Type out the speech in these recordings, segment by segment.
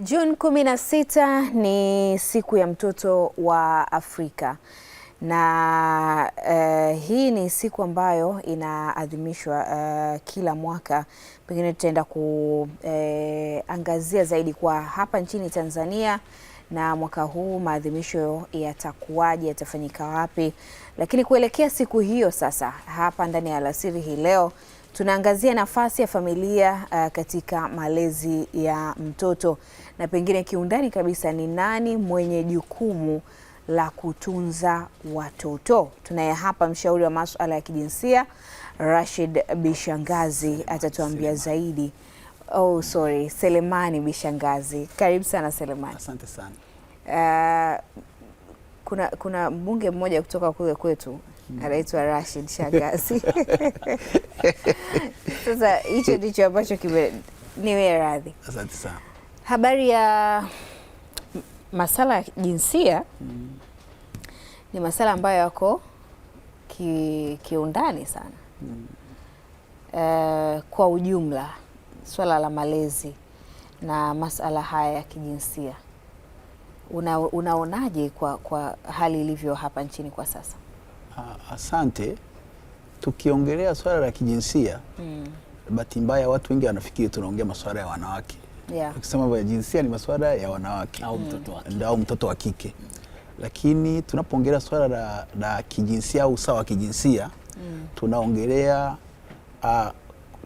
Juni 16 ni siku ya mtoto wa Afrika na uh, hii ni siku ambayo inaadhimishwa uh, kila mwaka. Pengine tutaenda kuangazia eh, uh, zaidi kwa hapa nchini Tanzania na mwaka huu maadhimisho yatakuwaje, yatafanyika wapi? Lakini kuelekea siku hiyo sasa, hapa ndani ya Alasiri hii leo tunaangazia nafasi ya familia uh, katika malezi ya mtoto na pengine kiundani kabisa ni nani mwenye jukumu la kutunza watoto. Tunaye hapa mshauri wa masuala ya kijinsia Rashid Bishangazi atatuambia zaidi. Oh, sorry, Selemani Bishangazi, karibu sana Selemani. Asante sana. Uh, kuna, kuna mbunge mmoja kutoka kule kwetu Mm-hmm. anaitwa Rashid Shangazi. Sasa hicho ndicho ambacho kime niwe radhi. Asante sana. Habari ya masala ya jinsia mm-hmm. ni masala ambayo yako ki, kiundani sana Uh, kwa ujumla swala la malezi na masala haya ya kijinsia una, unaonaje kwa, kwa hali ilivyo hapa nchini kwa sasa? Asante. Tukiongelea swala la kijinsia mm. bahati mbaya watu wengi wanafikiri tunaongea masuala ya wanawake yeah. Ukisema jinsia ni masuala ya wanawake au au mtoto wa kike Lakini tunapoongelea swala la, la kijinsia au usawa wa kijinsia mm. tunaongelea uh,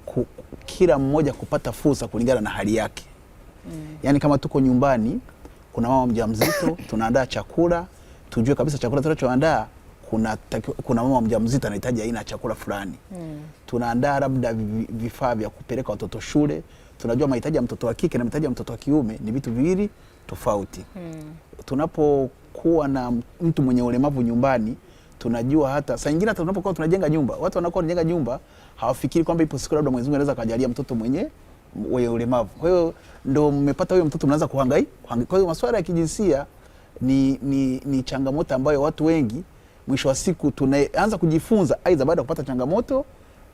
ku, kila mmoja kupata fursa kulingana na hali yake mm. Yaani kama tuko nyumbani, kuna mama mjamzito tunaandaa chakula, tujue kabisa chakula tunachoandaa kuna, kuna mama mjamzito anahitaji aina ya chakula fulani mm. Tunaandaa labda vifaa vya kupeleka watoto shule. Tunajua mahitaji ya mtoto wa kike na mahitaji ya mtoto wa kiume ni vitu viwili tofauti mm. Tunapokuwa na mtu mwenye ulemavu nyumbani, tunajua hata saa nyingine, hata tunapokuwa tunajenga nyumba, watu wanakuwa wanajenga nyumba hawafikiri kwamba ipo siku labda Mwenyezi Mungu anaweza kujalia mtoto mwenye wewe ulemavu. Kwa hiyo ndo mmepata huyo mtoto, mnaanza kuhangaika. Kwa hiyo masuala ya kijinsia ni, ni, ni changamoto ambayo watu wengi mwisho wa siku tunaanza kujifunza aidha baada ya kupata changamoto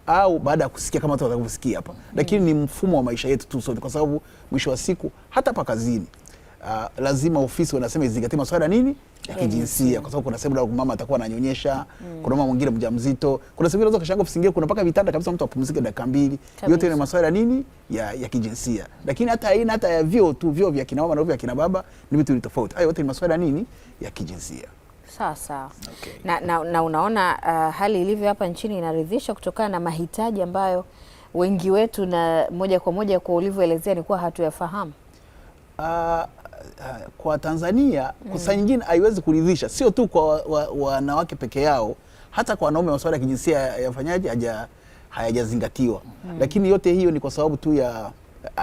au baada ya kusikia kama watu wanavyosikia hapa, mm. lakini ni mfumo wa maisha yetu tu sote, kwa sababu mwisho wa siku hata hapa kazini uh, lazima ofisi wanasema izingatie masuala nini ya kijinsia, kwa sababu kuna sehemu mama atakuwa ananyonyesha mm. kuna mama mwingine mjamzito, kuna sehemu unaweza kashanga ofisi nyingine kuna paka vitanda kabisa, mtu apumzike dakika mbili. Yote ni masuala nini ya, ya kijinsia, lakini hata aina hata ya vyo tu, vyo vya kina mama na vyo vya kina baba ni vitu tofauti. Hayo yote ni masuala nini ya kijinsia. Sasa okay. Na, na, na unaona uh, hali ilivyo hapa nchini inaridhisha kutokana na mahitaji ambayo wengi wetu na moja kwa moja kwa ulivyoelezea ni kuwa hatuyafahamu. Uh, uh, kwa Tanzania mm. kwa saa nyingine haiwezi kuridhisha, sio tu kwa wanawake wa, wa peke yao, hata kwa wanaume masuala ya kijinsia yafanyaje haja hayajazingatiwa mm. Lakini yote hiyo ni kwa sababu tu ya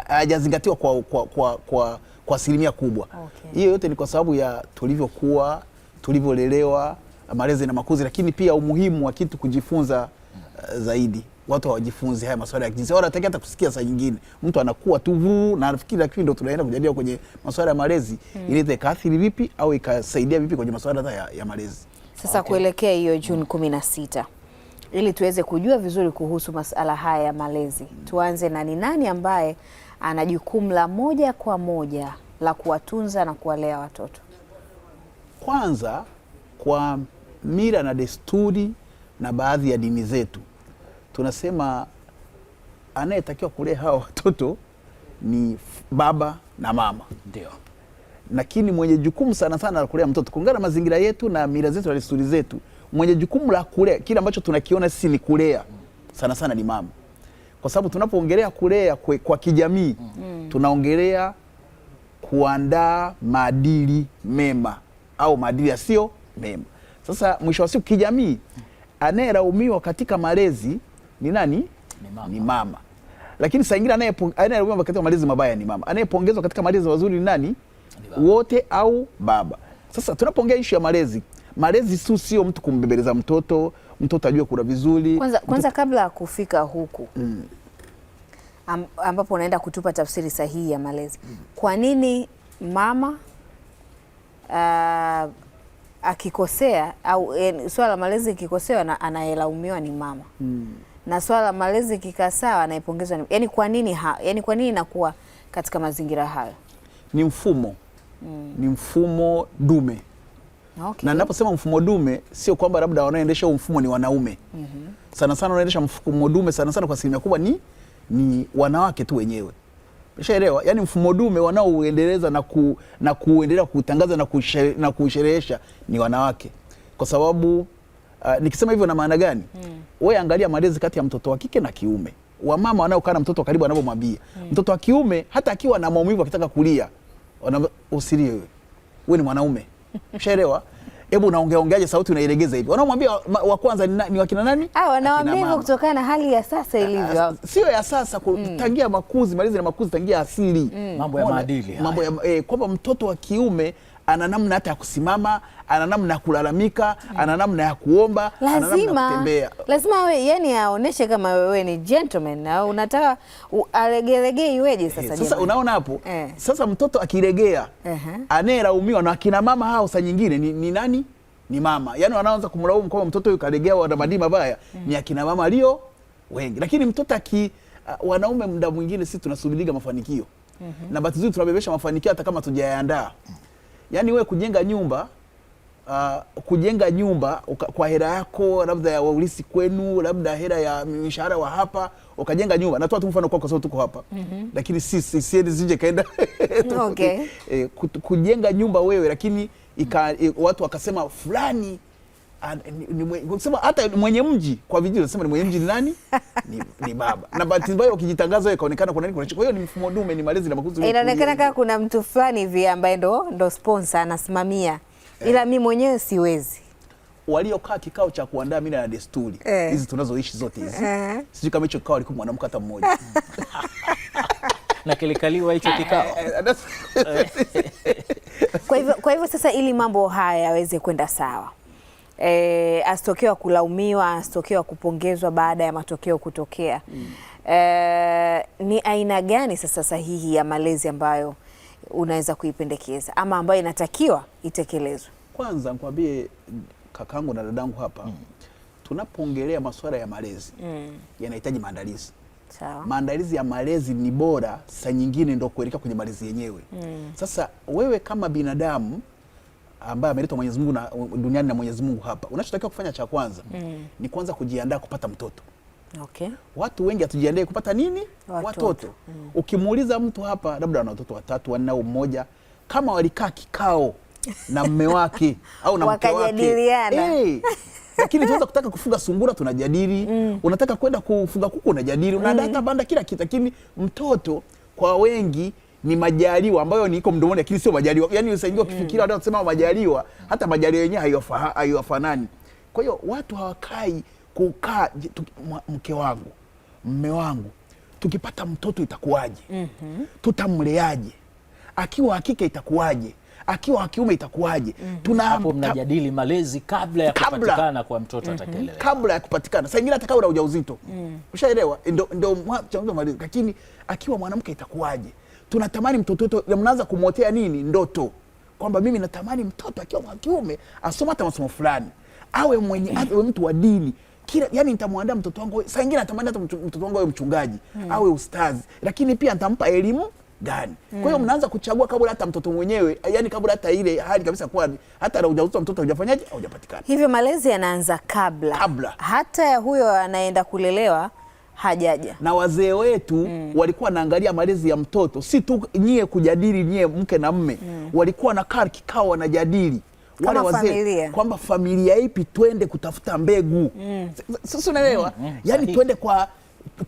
hayajazingatiwa kwa, kwa, kwa, kwa, kwa asilimia kubwa hiyo okay. Yote ni kwa sababu ya tulivyokuwa tulivyolelewa, malezi na makuzi, lakini pia umuhimu wa kitu kujifunza uh, zaidi. Watu hawajifunzi haya masuala ya kijinsia, wanatakia hata kusikia. Saa nyingine mtu anakuwa tu vuu na anafikiri, lakini ndo tunaenda kujadilia kwenye masuala ya malezi hmm. Inaweza ikaathiri vipi au ikasaidia vipi kwenye masuala ya, ya malezi sasa. Okay. Kuelekea hiyo Juni kumi na sita ili tuweze kujua vizuri kuhusu masuala haya ya malezi hmm. Tuanze na ni nani ambaye ana jukumu la moja kwa moja la kuwatunza na kuwalea watoto? Kwanza, kwa mila na desturi na baadhi ya dini zetu tunasema anayetakiwa kulea hawa watoto ni baba na mama, ndio, lakini mwenye jukumu sana sana la kulea mtoto kulingana na mazingira yetu na mila zetu na desturi zetu, mwenye jukumu la kulea kile ambacho tunakiona sisi ni kulea sana sana ni mama, kwa sababu tunapoongelea kulea kwe, kwa kijamii mm, tunaongelea kuandaa maadili mema au maadili yasiyo mema. Sasa mwisho wa siku, kijamii, anayelaumiwa katika malezi ni nani? Ni mama, ni mama. Lakini saa ingine anayelaumiwa katika malezi mabaya ni mama, anayepongezwa katika malezi mazuri ni nani? Ni wote au baba. Sasa tunapoongea ishu ya malezi, malezi su sio mtu kumbebeleza mtoto, mtoto ajue kula vizuri kwanza, kwanza mtoto... kabla ya kufika huku mm. ambapo unaenda kutupa tafsiri sahihi ya malezi Kwa nini mama uh, akikosea au eh, swala la malezi ikikosewa anayelaumiwa ni mama mm. na swala la malezi kikasawa sawa ni yani. Kwa nini ha, yani kwa nini inakuwa katika mazingira hayo? Ni mfumo mm. ni mfumo dume okay. na ninaposema mfumo dume sio kwamba labda wanaoendesha huo mfumo ni wanaume mm -hmm. sana sana wanaendesha mfumo dume sana sana kwa asilimia kubwa ni, ni wanawake tu wenyewe Shaelewa, yani mfumo dume wanaouendeleza na, ku, na kuendelea kutangaza na, kushere, na kusherehesha ni wanawake kwa sababu uh, nikisema hivyo na maana gani? Mm. Wewe angalia malezi kati ya mtoto wa kike na kiume, wamama wanaokaa na mtoto karibu anavyomwambia mm. Mtoto wa kiume hata akiwa na maumivu akitaka kulia, usilie wewe, wewe ni mwanaume. Shaelewa hebu unaongeaongeaje, sauti unairegeza hivi. Wanaomwambia wa kwanza ni, ni wakina nani? Ah, kutokana na hali ya sasa ah, ilivyo, ah, sio ya sasa mm. tangia makuzi malizi na makuzi tangia asili mm. mambo ya maadili mambo ya eh, kwamba mtoto wa kiume ana namna hata ya kusimama, ana namna ya kulalamika, ana namna ya kuomba, lazima ya kutembea. Lazima awe yani aoneshe kama wewe ni gentleman au unataka alegelegee iweje sasa? Yes. Eh, sasa unaona hapo eh. Sasa mtoto akiregea uh -huh. Anayelaumiwa na akina mama hao saa nyingine ni, ni nani? Ni mama. Yani wanaanza kumlaumu kwamba mtoto huyu karegea wana madini mabaya mm. Ni akina mama alio wengi, lakini mtoto aki uh, wanaume muda mwingine sisi tunasubiriga mafanikio mm -hmm. Na bahati nzuri tunabebesha mafanikio hata kama tujayaandaa. mm -hmm yaani we kujenga nyumba uh, kujenga nyumba uka, kwa hera yako labda ya waulisi kwenu labda hera ya mishahara wa hapa ukajenga nyumba. Natoa tu mfano kwa sababu tuko hapa mm -hmm. Lakini sisi siendi zinje kaenda okay. Eh, kujenga nyumba wewe lakini ika, watu wakasema fulani Ah, sema hata mwenye mji kwa vijiji unasema ni mwenye mji ni nani? Ni, ni baba. Na bahati mbaya ukijitangaza ikaonekana kuna nini kuna kwa hiyo ni mfumo dume, ni malezi na makuzi. Inaonekana kama kuna mtu fulani hivi ambaye ndo ndo sponsor anasimamia, eh. ila eh, mimi mwenyewe siwezi. Waliokaa kikao cha kuandaa mila na desturi eh. hizi eh, tunazoishi zote hizi eh, sijui kama hicho kikao alikuwa mwanamke hata mmoja na kilikaliwa hicho kikao eh, kwa hivyo, kwa hivyo sasa, ili mambo haya yaweze kwenda sawa e, asitokewa kulaumiwa, asitokewa kupongezwa baada ya matokeo kutokea mm. eh, ni aina gani sasa sahihi ya malezi ambayo unaweza kuipendekeza ama ambayo inatakiwa itekelezwe? Kwanza nikwambie kakangu na dadangu hapa mm. tunapoongelea masuala ya malezi mm. yanahitaji maandalizi Sawa. Maandalizi ya malezi ni bora, saa nyingine ndo kuelekea kwenye malezi yenyewe mm. Sasa wewe kama binadamu ambaye ameletwa Mwenyezi Mungu na duniani na Mwenyezi Mungu hapa, unachotakiwa kufanya cha kwanza mm. ni kwanza kujiandaa kupata mtoto. Okay. Watu wengi hatujiandae kupata nini? Watoto, watoto. Mm. Ukimuuliza mtu hapa labda ana watoto watatu wanne au mmoja, kama walikaa kikao na mume wake au na mke wake hey, eh. lakini tunaweza kutaka kufuga sungura tunajadili mm. unataka kwenda kufuga kuku unajadili, unaandaa hata mm. banda kila kitu, lakini mtoto kwa wengi ni majaliwa ambayo niko mdomoni, lakini sio majaliwa. Yani usaingia ukifikiria mm. hata kusema majaliwa, hata majaliwa yenyewe haiwafanani. Kwa hiyo watu hawakai kukaa, mke wangu, mme wangu, tukipata mtoto itakuwaje? mm -hmm. tutamleaje? akiwa hakika itakuwaje? akiwa wa kiume itakuwaje? mm -hmm. tuna hapo mnajadili malezi kabla ya kupatikana kwa mtoto mm -hmm. kabla ya kupatikana. Saa ingine atakawa na ujauzito mm -hmm. ushaelewa, ndio ndio malezi, lakini akiwa mwanamke itakuwaje? tunatamani mtoto wetu, mnaanza kumwotea nini ndoto kwamba mimi natamani mtoto akiwa wa kiume asoma hata masomo fulani, awe mwenye awe mtu wa dini kila yani, nitamwandaa mtoto wangu. Saa ingine natamani hata mtoto wangu awe mchungaji hmm. awe ustazi, lakini pia nitampa elimu gani? Kwa hiyo hmm. mnaanza kuchagua kabla hata mtoto mwenyewe, yani kabla hata ile hali kabisa, kwa hata na ujauzito mtoto hujafanyaje, haujapatikana. Hivyo malezi yanaanza kabla kabla hata ya huyo anaenda kulelewa hajaja na wazee wetu mm. walikuwa wanaangalia malezi ya mtoto, si tu nyie kujadili nyie mke na mme mm. walikuwa wanakaa kikao wanajadili wale wazee kwamba familia ipi twende kutafuta mbegu mm. sasa unaelewa mm. mm. yani Sahi. twende kwa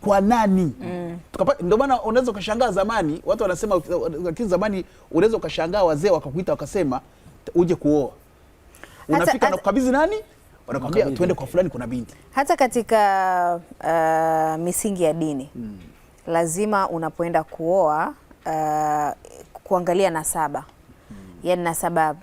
kwa nani mm. Ndio maana unaweza ukashangaa zamani watu wanasema, lakini zamani unaweza ukashangaa wazee wakakuita wakasema uje kuoa, unafika na kukabidhi nani wanakwambia tuende kwa fulani, kuna binti. Hata katika uh, misingi ya dini hmm. lazima unapoenda kuoa uh, kuangalia nasaba hmm. yaani nasaba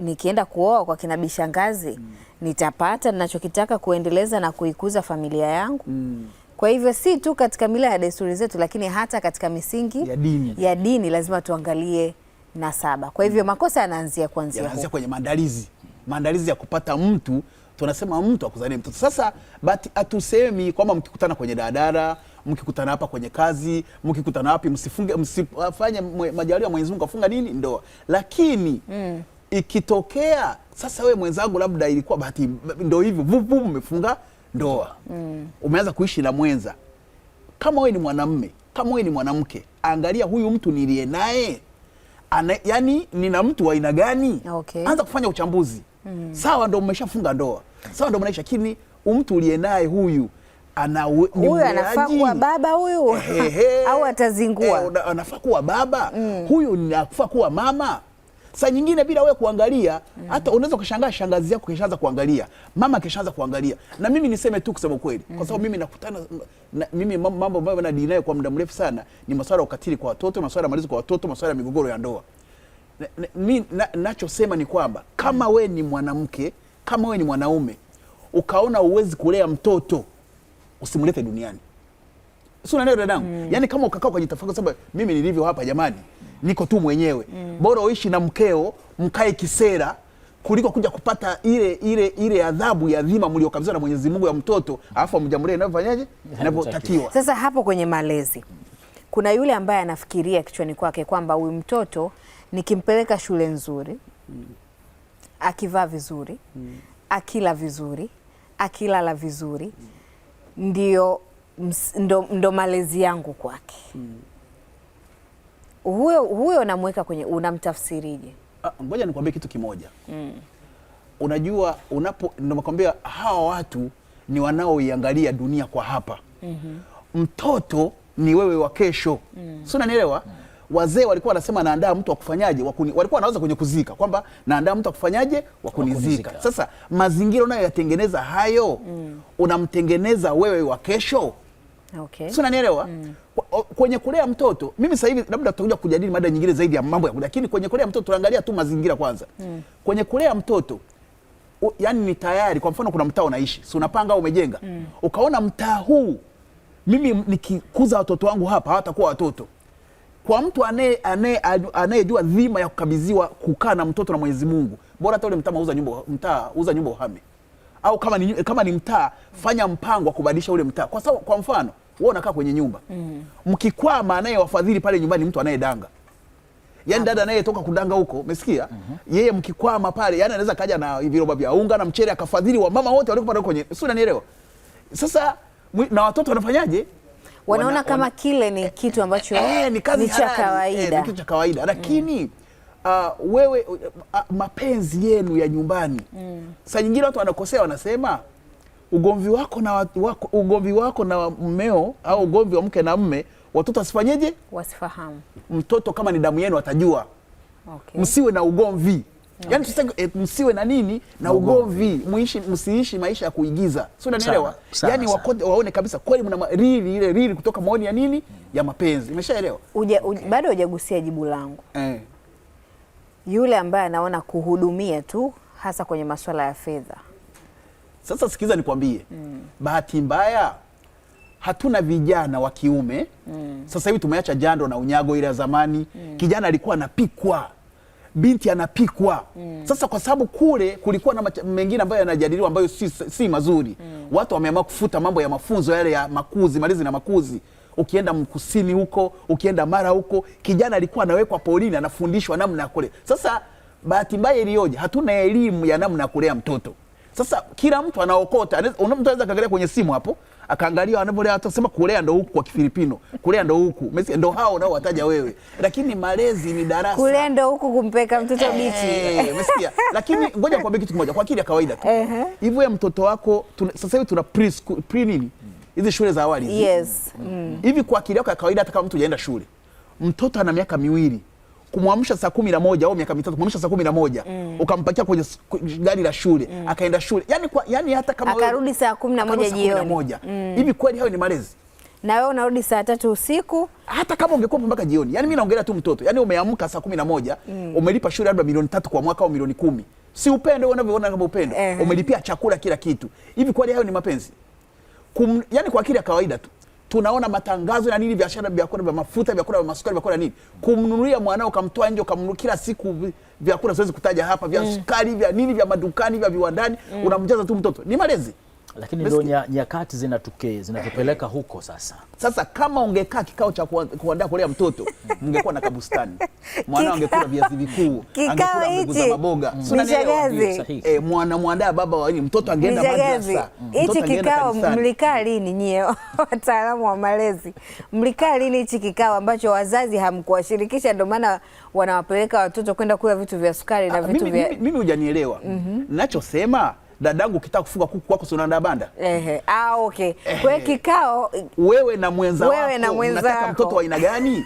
nikienda kuoa kwa kina bishangazi hmm. nitapata ninachokitaka kuendeleza na kuikuza familia yangu hmm. Kwa hivyo si tu katika mila ya desturi zetu, lakini hata katika misingi ya dini, ya dini lazima tuangalie nasaba. Kwa hivyo mm. makosa yanaanzia kuanzia kwenye maandalizi, maandalizi ya kupata mtu tunasema mtu akuzalie mtoto. Sasa bati hatusemi kwamba mkikutana kwenye daladala, mkikutana hapa kwenye kazi, mkikutana wapi, msifunge msifanye majaliwa Mwenyezi Mungu afunga nini ndoa, lakini mm. ikitokea sasa, we mwenzangu, labda ilikuwa bahati ndo hivyo, vuvu mmefunga ndoa mm. umeanza kuishi na mwenza, kama wewe ni mwanamme, kama wewe ni mwanamke, angalia huyu mtu niliye naye, yani nina mtu wa aina gani? okay. anza kufanya uchambuzi mm. Sawa, ndo mmeshafunga ndoa, sawa, ndo mnaishi, lakini mtu uliye naye huyu ana huyu eh, anafaa kuwa baba hmm. huyu au atazingua? E, anafaa kuwa baba mm. Huyu anafaa kuwa mama. Saa nyingine bila wewe kuangalia hmm. hata mm. unaweza ukashangaa shangazi yako kishaanza kuangalia, mama kishaanza kuangalia. Na mimi niseme tu kusema kweli Kwa hmm. sababu mimi nakutana na, mimi mambo ambayo nadili nayo kwa muda mrefu sana ni masuala ya ukatili kwa watoto, masuala ya malezi kwa watoto, masuala ya migogoro ya ndoa mi na, nachosema ni kwamba kama we ni mwanamke, kama we ni mwanaume ukaona uwezi kulea mtoto usimlete duniani, si unaelewa dadangu? mm. Yaani kama ukakaa ukajitafakari, sababu mimi nilivyo hapa jamani, niko tu mwenyewe mm. Bora uishi na mkeo mkae kisera kuliko kuja kupata ile ile ile adhabu ya dhima mliokabidhiwa na Mwenyezi Mungu ya mtoto alafu amjambulia inavyofanyaje inavyotakiwa. Sasa hapo kwenye malezi kuna yule ambaye anafikiria kichwani kwake kwamba huyu mtoto nikimpeleka shule nzuri mm. akivaa vizuri mm. akila vizuri akilala vizuri mm. ndio ndo, ndo malezi yangu kwake mm. huyo huyo namweka kwenye, unamtafsirije? Ah, ngoja nikwambie kitu kimoja mm. Unajua, unapo ndo hawa watu ni wanaoiangalia dunia kwa hapa mm -hmm. Mtoto ni wewe wa kesho mm. si unanielewa? mm wazee walikuwa wanasema naandaa mtu akufanyaje, walikuwa wanaweza kwenye kuzika kwamba naandaa mtu akufanyaje, kunizika. Sasa mazingira unayoyatengeneza hayo mm. unamtengeneza wewe wa kesho okay. si unanielewa mm. kwenye kulea mtoto. Mimi sasa hivi labda tutakuja kujadili mada nyingine zaidi ya mambo ya, lakini kwenye kulea mtoto tunaangalia tu mazingira kwanza mm. kwenye kulea mtoto o, yani ni tayari, kwa mfano kuna mtaa unaishi, si unapanga au umejenga mm. ukaona mtaa huu mimi nikikuza watoto wangu hapa hawatakuwa watoto kwa mtu anayejua dhima ya kukabidhiwa kukaa na mtoto na Mwenyezi Mungu, bora hata ule mtaa uza nyumba, mtaa uza nyumba uhame, au kama ni, kama ni mtaa fanya mpango wa kubadilisha ule mtaa. Kwa sababu kwa mfano wewe unakaa kwenye nyumba mm. mkikwama, anayewafadhili pale nyumbani mtu anayedanga Yaani ah. dada anayetoka kudanga huko, umesikia? mm -hmm. Yeye mkikwama pale, yani anaweza kaja na viroba vya unga na mchele akafadhili wa mama wote walikuwa pale kwenye. Si unanielewa? Sasa na watoto wanafanyaje? wanaona wana, kama wana, kile ni eh, kitu ambacho eh, eh ni cha eh, kawaida eh, kitu cha kawaida lakini mm. Uh, wewe uh, uh, mapenzi yenu ya nyumbani mm. Saa nyingine watu wanakosea, wanasema ugomvi wako na watu wako, ugomvi wako na mmeo au ugomvi wa mke na mme, watoto wasifanyeje? Wasifahamu. Mtoto kama ni damu yenu atajua. Okay. Msiwe na ugomvi okay. Yani sasa e, msiwe na nini na ugomvi, muishi msiishi maisha ya kuigiza, sio unanielewa? Yani wakote waone kabisa kweli mna rili ile rili kutoka maoni ya nini ya mapenzi, umeshaelewa? Okay. Bado hujagusia jibu langu eh. Yule ambaye anaona kuhudumia tu hasa kwenye masuala ya fedha. Sasa sikiza nikwambie, mm. bahati mbaya hatuna vijana wa kiume mm. Sasa hivi tumeacha jando na unyago ile ya zamani mm. Kijana alikuwa anapikwa binti anapikwa mm. Sasa kwa sababu kule kulikuwa na mengine ambayo yanajadiliwa ambayo si, si mazuri mm. Watu wameamua kufuta mambo ya mafunzo yale ya makuzi malizi na makuzi. Ukienda mkusini huko, ukienda Mara huko, kijana alikuwa anawekwa polini, anafundishwa namna ya kulea. Sasa bahati mbaya iliyoje, hatuna elimu ya namna ya kulea mtoto. Sasa kila mtu anaokota, mtu anaweza kaangalia kwenye simu hapo akaangalia wanavyolea atasema kulea ndo huku kwa Kifilipino, kulea ndo huku Messi, ndo hao nao wataja wewe, lakini malezi ni darasa. Kulea ndo huku kumpeka mtoto eh, bichi, eh, umesikia? Lakini ngoja kwa kitu kimoja kwa akili ya kawaida tu hivyo, mtoto wako sasa hivi tuna pre pre nini hizi shule za awali hivi, yes. mm. mm. kwa akili yako ya kawaida, hata kama mtu hajaenda shule, mtoto ana miaka miwili kumwamsha saa kumi na moja au miaka mitatu kumwamsha saa kumi na moja mm. ukampakia kwenye gari la shule mm. akaenda shule yani, kwa, yani hata kama akarudi saa kumi na moja jioni mm. hivi mm. kweli hayo ni malezi? na wewe unarudi saa tatu usiku hata kama ungekuwa mpaka jioni. Yani mimi naongelea tu mtoto, yani umeamka saa kumi na moja mm. umelipa shule labda milioni tatu kwa mwaka au milioni kumi, si upendo unavyoona kama upendo? uh -huh. Umelipia chakula, kila kitu. Hivi kweli hayo ni mapenzi? Kum, yani kwa akili ya kawaida tu tunaona matangazo na nini, biashara, vyakula vya mafuta, vyakula vya masukari, vyakula nini, kumnunulia mwanao ukamtoa nje ukamnunulia kila siku vyakula, siwezi kutaja hapa, vya mm. sukari, vya nini, vya madukani, vya viwandani, mm. unamjaza tu mtoto, ni malezi lakini ndio nyakati zinatupeleka huko sasa. Sasa kama ungekaa kikao cha kuandaa kulea mtoto hmm. mngekuwa na kabustani, mwana angekula viazi vikuu, angekula mbegu za maboga. Eh, mwana mwandaa baba wa mtoto angeenda madrasa. Hmm. Hichi kikao mlikaa lini nyie wataalamu wa malezi? Mlikaa lini hichi kikao ambacho wazazi hamkuwashirikisha ndio maana wanawapeleka watoto kwenda kula vitu vya sukari na ah, vitu vya Mimi hujanielewa. Mhm. Nachosema dadangu, ukitaka kufuga kuku wako si unaandaa banda. Ehe, ah, okay. Kwa kikao wewe na mwenza wewe na mwenza wako unataka mtoto wa aina gani?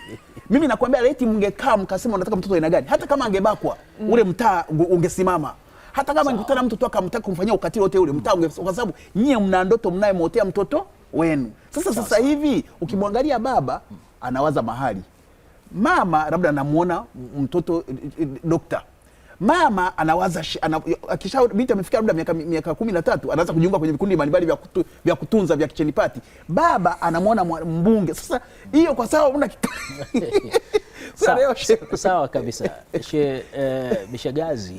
Mimi nakwambia laiti mngekaa mkasema unataka mtoto wa aina gani, hata kama angebakwa mm. ule mtaa ungesimama hata kama nikutana mtu tu akamtaka kumfanyia ukatili wote ule mtaa, kwa sababu nyie mna ndoto mnayemwotea mtoto wenu. Sasa sasa hivi ukimwangalia baba anawaza mahali, mama labda anamuona mtoto eh, eh, dokta mama anawaza akisha binti amefika labda miaka, miaka kumi na tatu anaanza kujiunga kwenye vikundi mbalimbali vya, kutu, vya kutunza vya kicheni pati. Baba anamwona mbunge sasa, hiyo kwa sawa una sawa, sawa kabisa she uh, eh, Bishagazi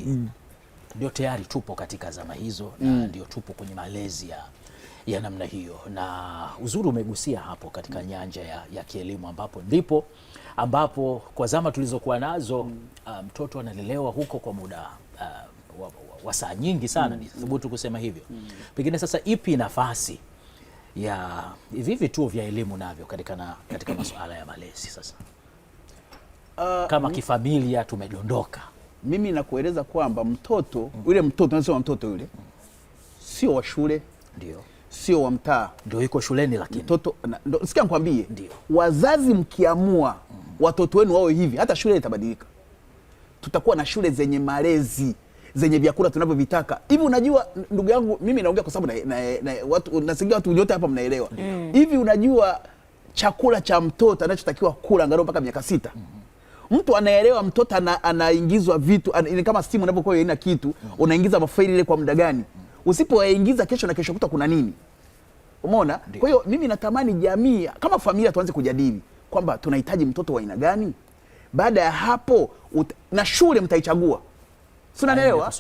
ndio mm. tayari tupo katika zama hizo na mm. ndio tupo kwenye malezi ya ya namna hiyo, na uzuri umegusia hapo katika mm. nyanja ya, ya kielimu ambapo ndipo ambapo kwa zama tulizokuwa nazo uh, mtoto um, analelewa huko kwa muda uh, wa, wa, wa saa nyingi sana mm. Nithubutu kusema hivyo mm. Pengine sasa ipi nafasi ya hivi vituo vya elimu navyo katika, na, katika masuala ya malezi sasa uh, kama kifamilia tumedondoka. Mimi nakueleza kwamba mtoto mm. yule ule mtoto nasema mtoto yule mm. sio wa shule ndio sio wa mtaa, ndio iko shuleni lakini mtoto na, sikia nikwambie, wazazi mkiamua mm. watoto wenu wawe hivi, hata shule itabadilika. Tutakuwa na shule zenye malezi zenye vyakula tunavyovitaka hivi. Unajua ndugu yangu, mimi naongea kwa sababu na, na, na, watu nasikia watu wote hapa mnaelewa mm. Mm. hivi mm. unajua chakula cha mtoto anachotakiwa kula angalau mpaka miaka sita mm -hmm. Mtu anaelewa mtoto ana, anaingizwa vitu an, ni kama simu unapokuwa ina kitu mm -hmm. unaingiza mafaili ile kwa muda gani? mm. Usipoyaingiza kesho na kesho kuta kuna nini? Umeona? Kwa hiyo mimi natamani jamii kama familia tuanze kujadili kwamba tunahitaji mtoto wa aina gani. Baada ya hapo ut... na shule mtaichagua, si unanielewa?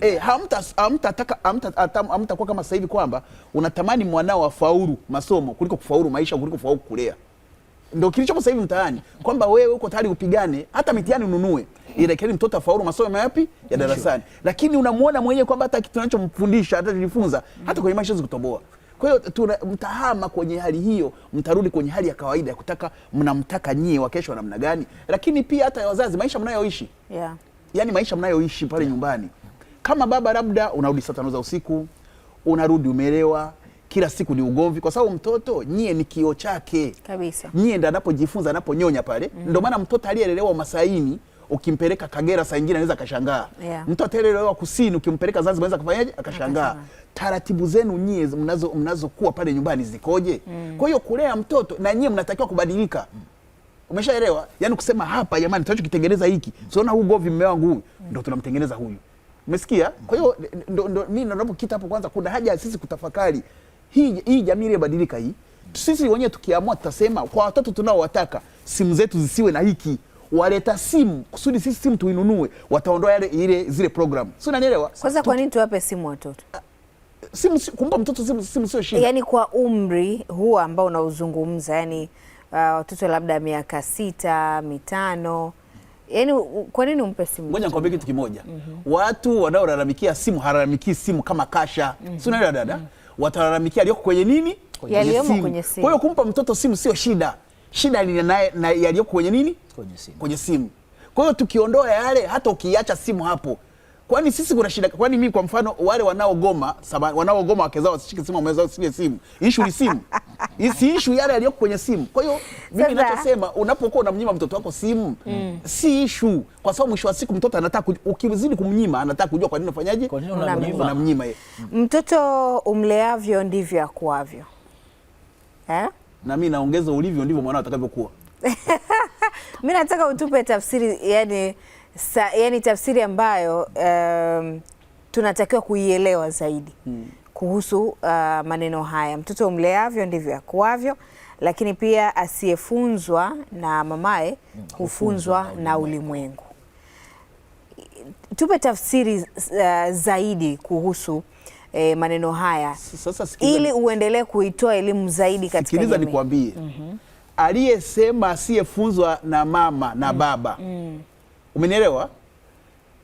Eh, hamta hamtataka kwa kama sasa hivi kwamba unatamani mwanao afaulu masomo kuliko kufaulu maisha kuliko kufaulu kulea. Ndio kilichopo sasa hivi mtaani kwamba wewe uko tayari upigane hata mitihani ununue kile mtoto afaulu masomo yapi ya darasani, lakini unamuona mwenyewe kwamba hata kitu tunachomfundisha hata tujifunza hata kwenye maisha zikutoboa. Kwa hiyo mtahama kwenye hali hiyo, mtarudi kwenye hali ya kawaida ya kutaka mnamtaka nyie wa kesho namna gani, lakini pia hata wazazi, maisha mnayoishi yeah. Yani maisha mnayoishi pale yeah. nyumbani kama baba labda unarudi saa tano za usiku, unarudi umelewa, kila siku ni ugomvi, kwa sababu mtoto nyie ni kioo chake kabisa. Nyie ndo anapojifunza anaponyonya pale mm. Ndio maana mtoto aliyelelewa Masaini ukimpeleka Kagera saa nyingine anaweza akashangaa. Yeah. Mtu atelelewa kusini ukimpeleka Zanzibar anaweza kufanyaje, Akashangaa. Taratibu zenu nyie mnazo mnazokuwa pale nyumbani zikoje? Mm. Kwa hiyo kulea mtoto na nyie mnatakiwa kubadilika. Umeshaelewa? Yaani kusema hapa jamani tunachokitengeneza hiki. Siona huu govi mume wangu huyu mm. ndio tunamtengeneza huyu. Umesikia? Mm. Kwa hiyo ndo mimi ninapokita hapo kwanza kuna haja sisi kutafakari hii hii jamii ile badilika hii. Sisi wenyewe tukiamua tutasema kwa watoto tunaowataka simu zetu zisiwe na hiki waleta simu kusudi sisi simu tuinunue, wataondoa yale ile zile program, si unanielewa? Kwanza kwa nini tuwape simu watoto? Ah, simu kumpa mtoto simu, simu sio shida. Yani kwa umri huu ambao unauzungumza, yani uh, watoto uh, labda miaka sita mitano Yaani kwa nini umpe simu? Ngoja nikwambie kitu kimoja. mm -hmm. Watu wanaolalamikia simu halalamikii simu kama kasha. mm -hmm. Si mhm. unaelewa dada? mm -hmm. Watalalamikia aliyoko kwenye nini? Kwenye simu. Kwa hiyo kumpa mtoto simu sio shida shida ni naye na yaliyo kwenye nini, kwenye simu, kwenye simu. Kwa hiyo tukiondoa yale, hata ukiacha simu hapo, kwani sisi kuna shida? Kwani mimi kwa mfano, wale wanaogoma wanaogoma wake zao wasishike simu, wameza wasishike simu, issue ni simu isi issue yale yaliyoko kwenye simu. Kwa hiyo mimi ninachosema, unapokuwa unamnyima mtoto wako simu mm. si issue, kwa sababu mwisho wa siku mtoto anataka, ukizidi kumnyima anataka kujua kwa nini unafanyaje, unamnyima yeye. Mtoto umleavyo ndivyo akuavyo eh? na mimi naongeza ulivyo, ndivyo mwanao atakavyokuwa. Mimi nataka utupe tafsiri yani, sa, yani tafsiri ambayo um, tunatakiwa kuielewa zaidi hmm. kuhusu uh, maneno haya, mtoto umleavyo ndivyo akuavyo, lakini pia asiyefunzwa na mamaye hmm. hufunzwa hmm. na ulimwengu. Tupe tafsiri uh, zaidi kuhusu e, maneno haya sasa, sikiza, ili uendelee kuitoa elimu zaidi katika jamii. Sikiliza nikwambie, mm -hmm. Aliyesema asiyefunzwa na mama na mm. baba mm. umenielewa,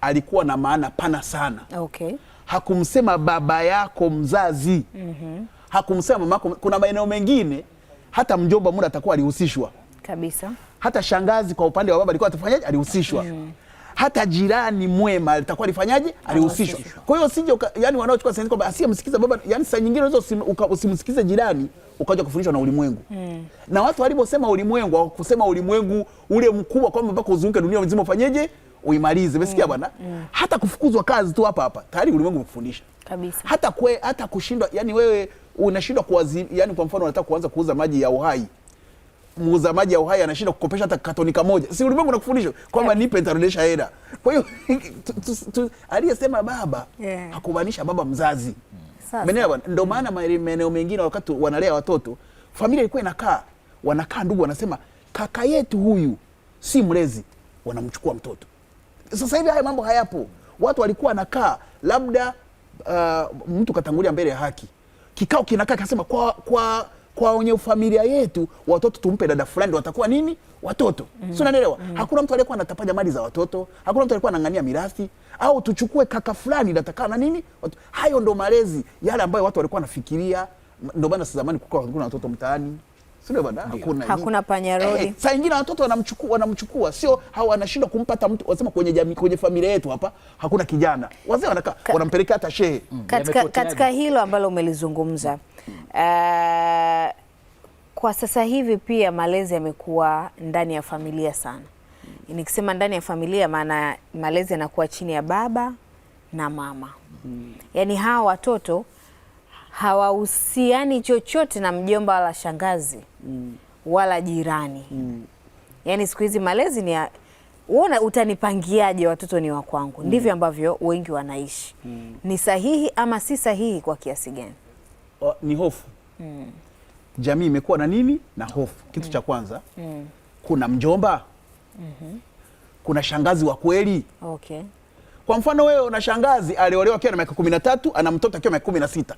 alikuwa na maana pana sana okay. Hakumsema baba yako mzazi mm -hmm. Hakumsema mama Kuna maeneo mengine hata mjomba muda atakuwa alihusishwa kabisa, hata shangazi kwa upande wa baba alikuwa atafanyaje, alihusishwa mm hata jirani mwema alitakuwa alifanyaje, alihusishwa. Kwa hiyo usije yani, wanaochukua sentensi kwamba asiyemsikiza baba, yani saa nyingine unaweza usimsikize jirani ukaja kufundishwa na ulimwengu mm. na watu waliposema ulimwengu au kusema ulimwengu ule mkubwa kwa sababu mpaka uzunguke dunia nzima ufanyeje uimalize, umesikia hmm. bwana mm. mm. hata kufukuzwa kazi tu hapa hapa tayari ulimwengu umekufundisha kabisa, hata kwe, hata kushindwa, yani wewe unashindwa kuwazi, yani kwa mfano unataka kuanza kuuza maji ya uhai muuza maji ya uhai anashinda kukopesha hata katoni kamoja, Si ulimwengu nakufundisha kwamba nipe nitarudisha hela. Kwa hiyo aliyesema baba yeah. hakumaanisha baba mzazi. Umeelewa? Ndio maana maeneo mengine wakati wanalea watoto, familia ilikuwa inakaa, wanakaa ndugu wanasema kaka yetu huyu si mlezi, wanamchukua mtoto. Sasa hivi haya mambo hayapo. Watu walikuwa nakaa labda, uh, mtu katangulia mbele ya haki, kikao kinakaa kinasema kwa, kwa kwa wenye familia yetu watoto tumpe dada fulani watakuwa nini watoto mm. si unaelewa mm. hakuna mtu aliyekuwa anatapaja mali za watoto, hakuna mtu aliyekuwa anang'ania mirathi au tuchukue kaka fulani natakaa na nini watu. Hayo ndo malezi yale ambayo watu walikuwa wanafikiria. Ndio maana sasa zamani kulikuwa kuna watoto mtaani Sio bana, hakuna hakuna panyarodi. Eh, eh, saa nyingine watoto wanamchukua wanamchukua, sio hao anashindwa kumpata mtu. Wasema kwenye jamii, kwenye familia yetu hapa hakuna kijana, wazee wanakaa wanampeleka hata shehe. Mm, katika, katika hilo ambalo umelizungumza mm. Eh, kwa sasa hivi pia malezi yamekuwa ndani ya familia sana. Nikisema ndani ya familia, maana malezi yanakuwa chini ya baba na mama, yaani hawa watoto hawahusiani chochote na mjomba wala shangazi wala jirani. Yaani siku hizi malezi ni ya uona utanipangiaje, watoto ni wa kwangu. Ndivyo ambavyo wengi wanaishi. Ni sahihi ama si sahihi kwa kiasi gani? ni hofu mm. Jamii imekuwa na nini na hofu, kitu mm. cha kwanza mm. kuna mjomba mm -hmm. kuna shangazi wa kweli okay. Kwa mfano wewe una shangazi aliolewa akiwa na miaka kumi na tatu ana mtoto akiwa miaka kumi na sita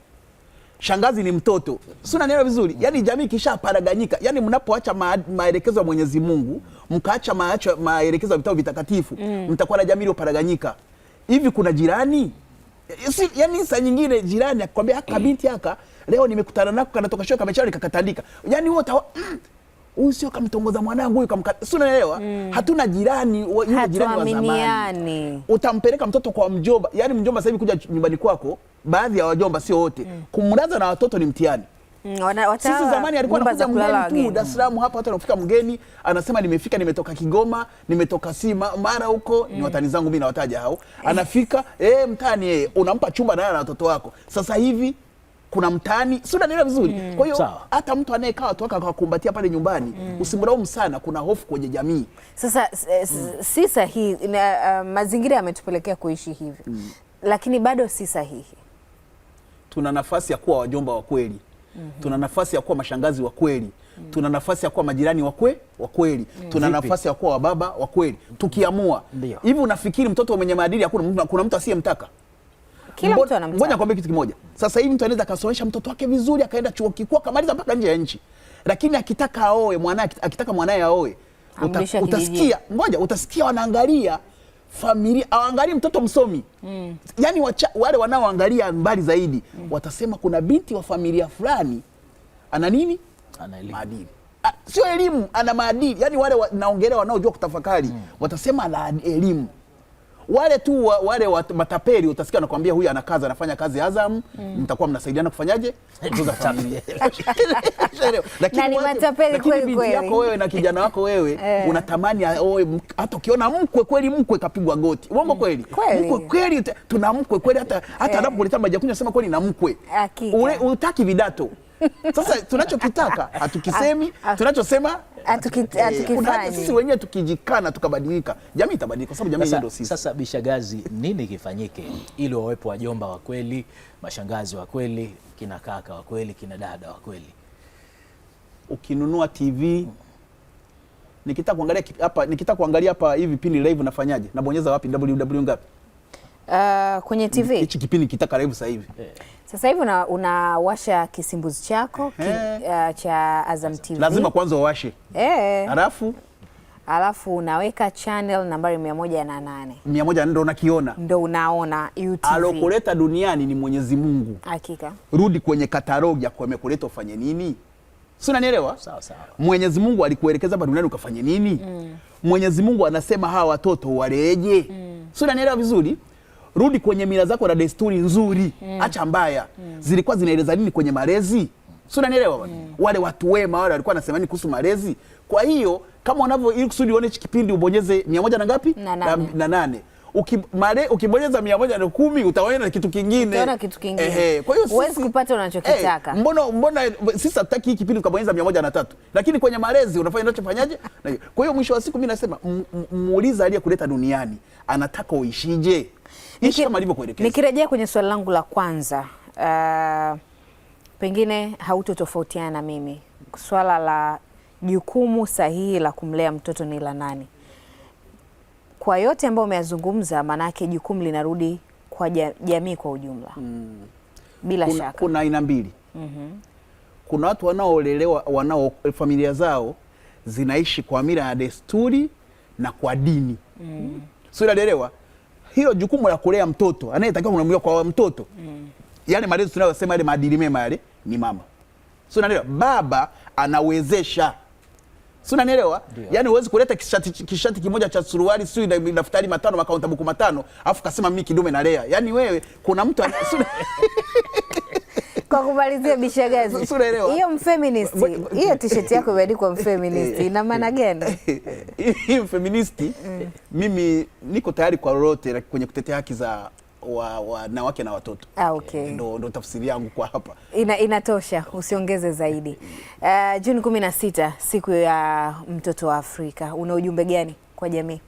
shangazi ni mtoto, si unanielewa vizuri? Mm. Yaani jamii ikishaparaganyika, yaani mnapoacha ma maelekezo ya Mwenyezi Mungu mkaacha maelekezo ya vitabu vitakatifu, mm. mtakuwa mm. na jamii iliyoparaganyika. Hivi kuna jirani si, yani saa nyingine jirani akwambia haka ah, binti haka leo nimekutana nako kanatoka shoka kamechari nikakatandika. yani wewe utawa mm, huyu mm, sio kamtongoza mwanangu huyu kamka, si unaelewa? mm. hatuna jirani yule jirani wa zamani, utampeleka mtoto kwa mjomba, yani mjomba sasa hivi kuja nyumbani kwako, baadhi ya wajomba sio wote, mm. kumlaza na watoto ni mtihani. Mm, Sisi zamani alikuwa anakuja mgeni tu Dar es Salaam hapa, watu wanafika mgeni anasema nimefika, nimetoka Kigoma, nimetoka si mara huko mm. ni watani zangu mimi nawataja hao, eh. anafika eh, mtani eh, unampa chumba na watoto wako. Sasa hivi kuna mtani, si unanielewa vizuri mm. kwa hiyo hata mtu anayekaa watu wake akakumbatia pale nyumbani mm. usimlaumu sana, kuna hofu kwenye jamii. Sasa eh, mm. si sahihi uh, mazingira yametupelekea kuishi hivi mm. lakini bado si sahihi. Tuna nafasi ya kuwa wajomba wa kweli -hmm. Tuna nafasi ya kuwa mashangazi wa kweli mm -hmm. Tuna nafasi ya kuwa majirani wakwe wa kweli mm -hmm. Tuna nafasi ya kuwa wababa wa kweli tukiamua hivi Unafikiri mtoto mwenye maadili hakuna? Kuna mtu asiyemtaka kila mtu anamtaka. Ngoja nikwambie kitu kimoja. Sasa hivi mtu anaweza akasomesha mtoto wake vizuri akaenda chuo kikuu akamaliza mpaka nje ya nchi, lakini akitaka aoe mwanae, akitaka mwanae aoe uta, utasikia ngoja, utasikia wanaangalia familia awaangalie mtoto msomi mm. Yaani wacha, wale wanaoangalia mbali zaidi mm. watasema kuna binti wa familia fulani ana nini, ana maadili, sio elimu, ana maadili. yani wale wanaongelea wanaojua kutafakari mm. watasema ana elimu wale tu wa, wale wa, matapeli utasikia anakuambia huyu anakaza anafanya kazi Azam, mm. mtakuwa mm. mnasaidiana kufanyaje tuza familia lakini ni matapeli kweli kweli. Binti yako wewe na kijana wako wewe eh. unatamani hata ukiona mkwe kweli, mkwe kapigwa goti, uongo mm. kweli, mkwe kweli, tuna mkwe kweli, hata hata eh. anapokuleta maji kunywa sema kweli na mkwe, utaki vidato Sasa tunachokitaka hatukisemi, tunachosema eh, hatukifanya. Sisi wenyewe tukijikana tukabadilika, jamii itabadilika, sababu jamii ndio sisi. Sasa Bishagazi, nini kifanyike ili wawepo wajomba wa kweli, mashangazi wa kweli, kina kaka wa kweli, kina dada wa kweli? Ukinunua TV nikitaka kuangalia hapa, nikitaka kuangalia hapa vipindi live, nafanyaje? Nabonyeza wapi? www ngapi? Uh, kwenye TV hichi kipindi kitaka live sasa hivi yeah. Sasa hivi unawasha kisimbuzi chako ki, uh, cha Azam TV. Lazima kwanza uwashe. Eh. Alafu alafu unaweka channel nambari 108. 108 ndio unakiona. Ndio unaona UTV. Alokuleta duniani ni Mwenyezi Mungu. Hakika. Rudi kwenye katalogi yako amekuleta ufanye nini? Si unanielewa? Sawa sawa. Mwenyezi Mungu alikuelekeza hapa duniani ukafanye nini? Mm. Mwenyezi Mungu anasema hawa watoto waleje? Mm. Si unanielewa vizuri? rudi kwenye mila zako na desturi nzuri mm. acha mbaya mm. zilikuwa zinaeleza nini kwenye malezi si unanielewa mm. wale watu wema wale walikuwa wanasema nini kuhusu malezi kwa hiyo kama unavyo ili kusudi uone kipindi ubonyeze mia moja na ngapi na nane, na, na nane. Ukimare, ukibonyeza mia moja na kumi utaona kitu kingine kitu kingine. Ehe, kwa hiyo huwezi kupata unachokitaka. Mbona mbona sisi hatutaki hiki kipindi ukabonyeza mia moja na tatu lakini kwenye malezi unafanya unachofanyaje? Kwa hiyo mwisho wa siku mimi nasema muuliza aliyekuleta duniani anataka uishije? kisha alivyokuelekeza. Nikirejea kwenye swali langu la kwanza, uh, pengine hautotofautiana na mimi, swala la jukumu sahihi la kumlea mtoto ni la nani? Kwa yote ambayo umeyazungumza, maana yake jukumu linarudi kwa jamii kwa ujumla mm. Bila kuna, shaka kuna aina mbili mm -hmm. Kuna watu wanaolelewa wanao familia zao zinaishi kwa mila na desturi na kwa dini mm. Sio, unaelewa hilo jukumu la kulea mtoto anayetakiwa kunamlia kwa mtoto mm. yale malezi tunayosema yale maadili mema yale ni mama, si unanielewa? Baba anawezesha, si unanielewa? Yani huwezi kuleta kishati, kishati kimoja cha suruali si daftari matano makaunta buku matano afu kasema mimi kidume nalea yani wewe kuna mtu Kwa kumalizia Bishagazi, hiyo mfeminist, hiyo t-shirt yako imeandikwa mfeminist, ina maana gani hii mfeminist? Mm. Mimi niko tayari kwa lolote kwenye kutetea haki za wanawake na watoto. Ah, okay. Ndo, ndo tafsiri yangu kwa hapa ina, inatosha usiongeze zaidi. Uh, Juni 16 siku ya mtoto wa Afrika, una ujumbe gani kwa jamii?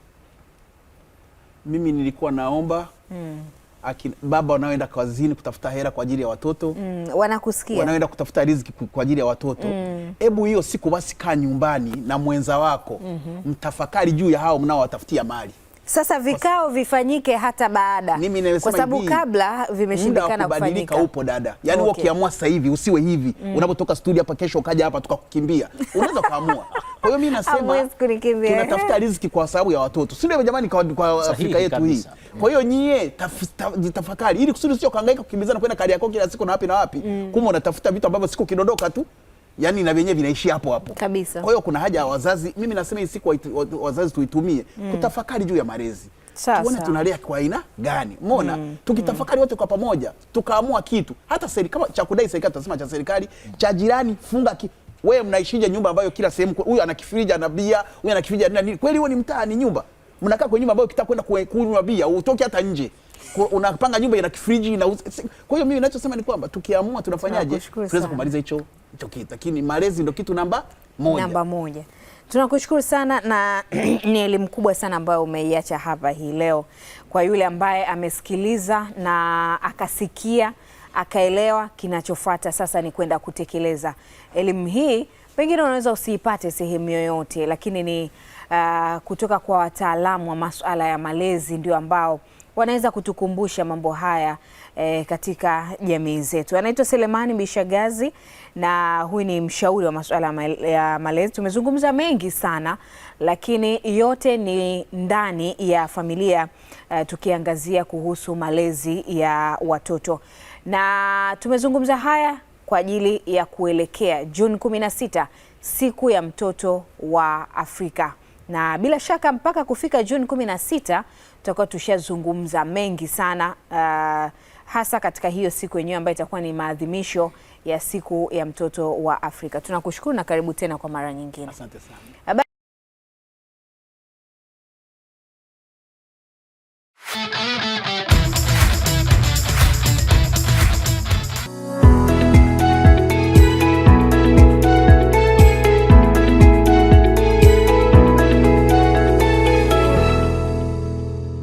Mimi nilikuwa naomba mm aki, baba wanaoenda kazini kutafuta hela kwa ajili ya watoto mm, wanakusikia, wanaoenda kutafuta riziki kwa ajili ya watoto. Hebu mm. hiyo siku basi kaa nyumbani na mwenza wako mm -hmm. mtafakari juu ya hao mnaowatafutia mali. Sasa vikao vifanyike hata baada, kwa sababu kabla vimeshindikana kufanyika. Upo dada, yani wewe okay. Ukiamua sasa hivi usiwe hivi mm. unapotoka studio hapa, kesho ukaja hapa tukakukimbia, unaweza kuamua. Kwa hiyo mimi nasema tunatafuta riziki kwa sababu ya watoto, si ndio jamani, kwa, kwa Afrika yetu hii kwa hiyo nyie jitafakari, ili kusudi sio kuhangaika kukimbizana kwenda Kariakoo kila siku na wapi na wapi, mm. kumbe unatafuta vitu ambavyo siku kidondoka tu yaani na vyenyewe vinaishi hapo hapo kabisa. Kwa hiyo kuna haja ya wazazi, mimi nasema hii siku wazazi tuitumie mm. kutafakari juu ya malezi, sasa. tuone tunalea kwa aina gani. Umeona mm. tukitafakari mm. wote kwa pamoja tukaamua kitu, hata serikali kama cha kudai serikali tunasema cha serikali cha jirani funga ki wewe mnaishije nyumba ambayo kila sehemu huyu ana kifrija na bia, huyu ana kifrija nini? Kweli huo ni mtaa, ni nyumba? mnakaa kwenye nyumba ambayo ukitaka kwenda kunywa bia utoke hata nje unapanga nyumba ina kifriji na kwa hiyo mimi ninachosema ni kwamba tukiamua tunafanyaje tunaweza kumaliza hicho hicho kitu lakini malezi ndio kitu namba moja. Namba moja. Tunakushukuru sana na ni elimu kubwa sana ambayo umeiacha hapa hii leo kwa yule ambaye amesikiliza na akasikia akaelewa. Kinachofuata sasa ni kwenda kutekeleza elimu hii, pengine unaweza usiipate sehemu yoyote, lakini ni uh, kutoka kwa wataalamu wa masuala ya malezi ndio ambao wanaweza kutukumbusha mambo haya eh, katika jamii zetu. Anaitwa Selemani Bishagazi na huyu ni mshauri wa masuala ya malezi. Tumezungumza mengi sana, lakini yote ni ndani ya familia eh, tukiangazia kuhusu malezi ya watoto, na tumezungumza haya kwa ajili ya kuelekea Juni 16 siku ya mtoto wa Afrika na bila shaka mpaka kufika Juni 16 tutakuwa tushazungumza mengi sana uh, hasa katika hiyo siku yenyewe ambayo itakuwa ni maadhimisho ya siku ya mtoto wa Afrika. Tunakushukuru na karibu tena kwa mara nyingine. Asante sana.